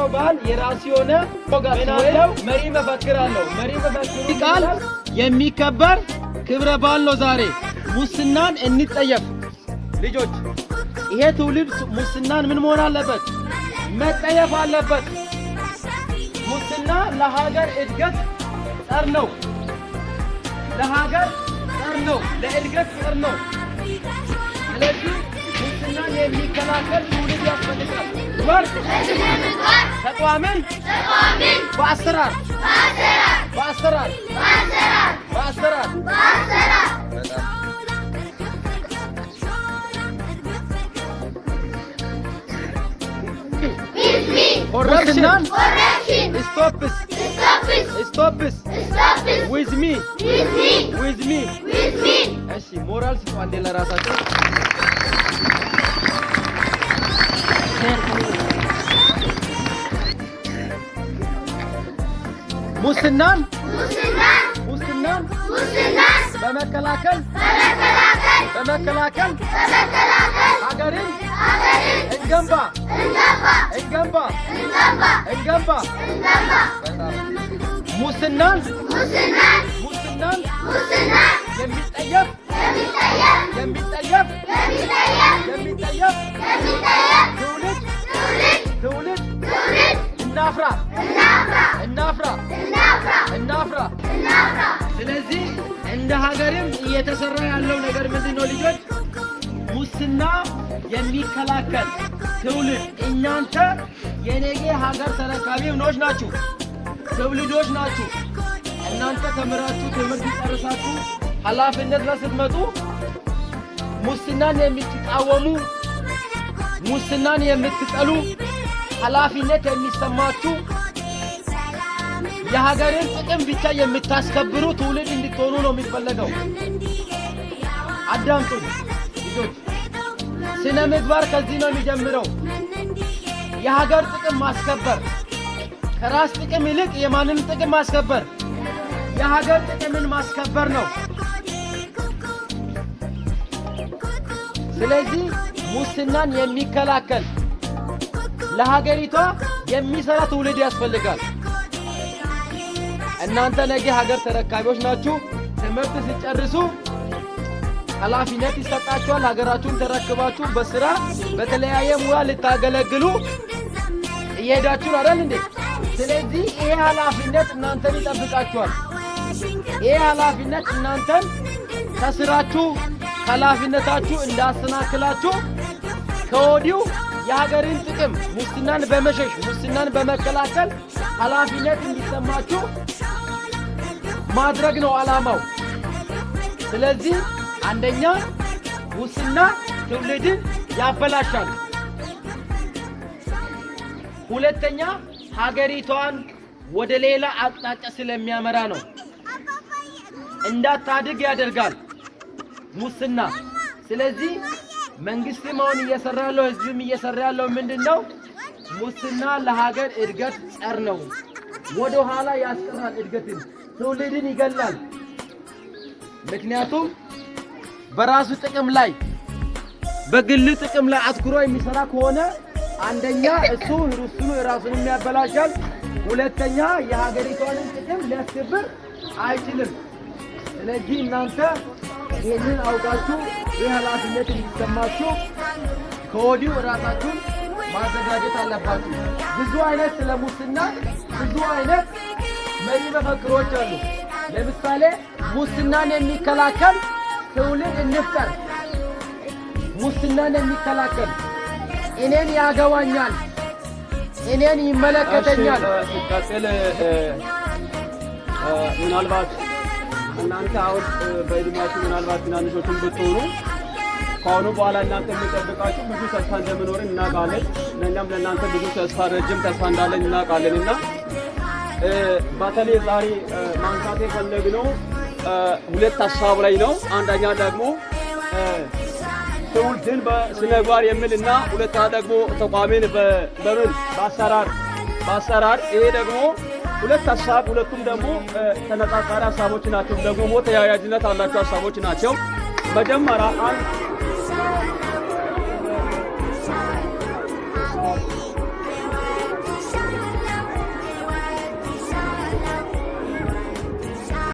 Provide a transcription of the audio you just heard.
የምመክረው ባህል የራሱ የሆነ ምናለው መሪ መፈክር አለው። መሪ መፈክሩ ቃል የሚከበር ክብረ በዓል ነው። ዛሬ ሙስናን እንጠየፍ ልጆች። ይሄ ትውልድ ሙስናን ምን መሆን አለበት? መጠየፍ አለበት። ሙስና ለሀገር እድገት ጸር ነው። ለሀገር ጸር ነው። ለእድገት ጸር ነው። ስለዚህ ሙስናን የሚከላከል ያስፈልጋል። ወርቅ ተቋምን በአሰራር በአሰራር በአሰራር ኮረፕሽን ስቶፕስ ስቶፕስ ዊዝ ሚ ዊዝ ሚ ሞራል ስጧል ለራሳቸው ሙስናን ሙስናን በመከላከል በመከላከል ሀገርን እንገንባ እንገንባ እንገንባ ሙስናን ሙስናን የሚጠየፍ ትውልድ እናፍራ እናፍራ እናፍራ። ስለዚህ እንደ ሀገርም እየተሰራ ያለው ነገር ምንድን ነው? ልጆች ሙስና የሚከላከል ትውልድ። እናንተ የነገ ሀገር ተረካቢ ምኖች ናችሁ፣ ትውልዶች ናችሁ። እናንተ ተምራችሁ ትምህርት ጨርሳችሁ ኃላፊነት ላይ ስትመጡ ሙስናን የምትቃወሙ፣ ሙስናን የምትጠሉ፣ ኃላፊነት የሚሰማችሁ የሀገርን ጥቅም ብቻ የምታስከብሩ ትውልድ እንድትሆኑ ነው የሚፈለገው። አዳምጡ ልጆች። ስነ ምግባር ከዚህ ነው የሚጀምረው። የሀገር ጥቅም ማስከበር ከራስ ጥቅም ይልቅ የማንም ጥቅም ማስከበር የሀገር ጥቅምን ማስከበር ነው። ስለዚህ ሙስናን የሚከላከል ለሀገሪቷ የሚሰራ ትውልድ ያስፈልጋል። እናንተ ነገ ሀገር ተረካቢዎች ናችሁ። ትምህርት ሲጨርሱ ኃላፊነት ይሰጣችኋል። ሀገራችሁን ተረክባችሁ በስራ በተለያየ ሙያ ልታገለግሉ እየሄዳችሁ አይደል እንዴ? ስለዚህ ይሄ ኃላፊነት እናንተን ይጠብቃችኋል። ይሄ ኃላፊነት እናንተን ከስራችሁ ኃላፊነታችሁ እንዳሰናክላችሁ ከወዲሁ የሀገርን ጥቅም ሙስናን በመሸሽ ሙስናን በመከላከል ኃላፊነት እንዲሰማችሁ ማድረግ ነው ዓላማው። ስለዚህ አንደኛ ሙስና ትውልድን ያበላሻል፣ ሁለተኛ ሀገሪቷን ወደ ሌላ አቅጣጫ ስለሚያመራ ነው፣ እንዳታድግ ያደርጋል። ሙስና። ስለዚህ መንግስትም አሁን እየሰራ ያለው ህዝብም እየሰራ ያለው ምንድን ነው? ሙስና ለሀገር እድገት ጸር ነው። ወደ ኋላ ያስቀራል እድገትን፣ ትውልድን ይገላል። ምክንያቱም በራሱ ጥቅም ላይ በግል ጥቅም ላይ አትኩሮ የሚሰራ ከሆነ አንደኛ እሱ ሩስኑ ራሱን የሚያበላሻል፣ ሁለተኛ የሀገሪቷን ጥቅም ሊያስከብር አይችልም። ስለዚህ እናንተ ይህንን አውቃችሁ ይህ ኃላፊነት እንዲሰማችሁ ከወዲሁ እራሳችሁን ማዘጋጀት አለባችሁ። ብዙ አይነት ስለ ሙስና ብዙ አይነት መሪ መፈክሮች አሉ። ለምሳሌ ሙስናን የሚከላከል ትውልድ እንፍጠር፣ ሙስናን የሚከላከል እኔን ያገባኛል፣ እኔን ይመለከተኛል። ምናልባት እናንተ አሁን በእድሜያችሁ ምናልባት ትናንሾቹን ብትሆኑ ከአሁኑ በኋላ እናንተ የሚጠብቃችሁ ብዙ ተስፋ እንደምኖርን እናውቃለን። ለእኛም ለእናንተ ብዙ ተስፋ ረጅም ተስፋ እንዳለን እናውቃለን እና በተለይ ዛሬ ማንሳት የፈለግነው ሁለት ሀሳብ ላይ ነው። አንደኛ ደግሞ ትውልድን በስነጓር የሚል እና ሁለተኛ ደግሞ ተቋምን በምን በአሰራር በአሰራር ይሄ ደግሞ ሁለት ሀሳብ ሁለቱም ደግሞ ተነጻጻሪ ሀሳቦች ናቸው፣ ደግሞ ተያያዥነት አላቸው ሀሳቦች ናቸው። መጀመሪያ አንድ